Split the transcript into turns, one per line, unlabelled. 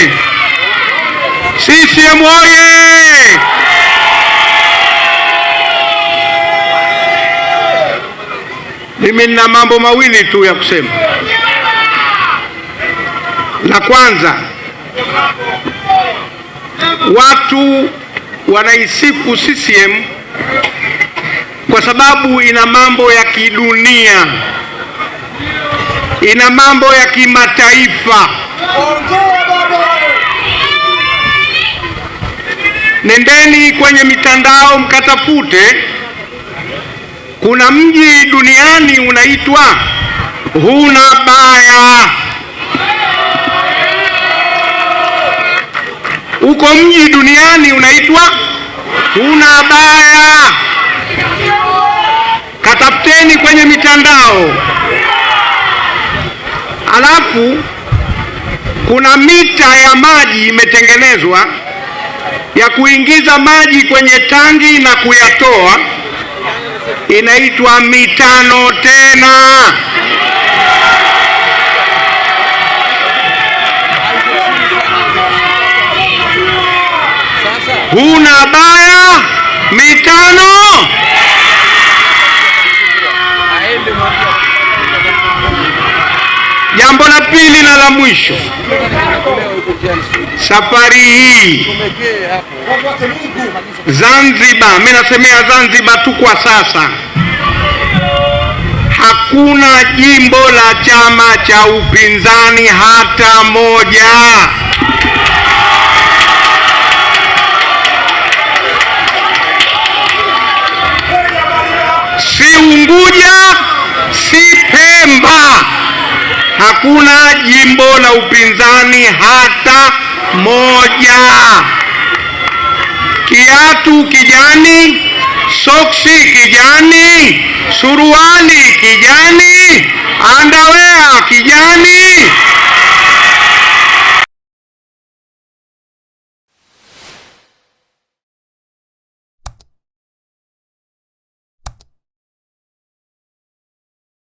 oye! CCM oye! Mimi nina mambo mawili tu ya kusema. La kwanza, watu wanaisifu CCM kwa sababu ina mambo ya kidunia, ina mambo ya kimataifa. nendeni kwenye mitandao mkatafute. Kuna mji duniani unaitwa huna baya. Uko mji duniani unaitwa huna baya, katafuteni kwenye mitandao. Alafu kuna mita ya maji imetengenezwa ya kuingiza maji kwenye tangi na kuyatoa inaitwa mitano tena. Huna baya mitano. Jambo la pili na la mwisho, safari hii Zanzibar, mimi nasemea Zanzibar tu kwa sasa, hakuna jimbo la chama cha upinzani hata moja. Hakuna jimbo la upinzani hata moja. Kiatu kijani, soksi kijani, suruali kijani, anda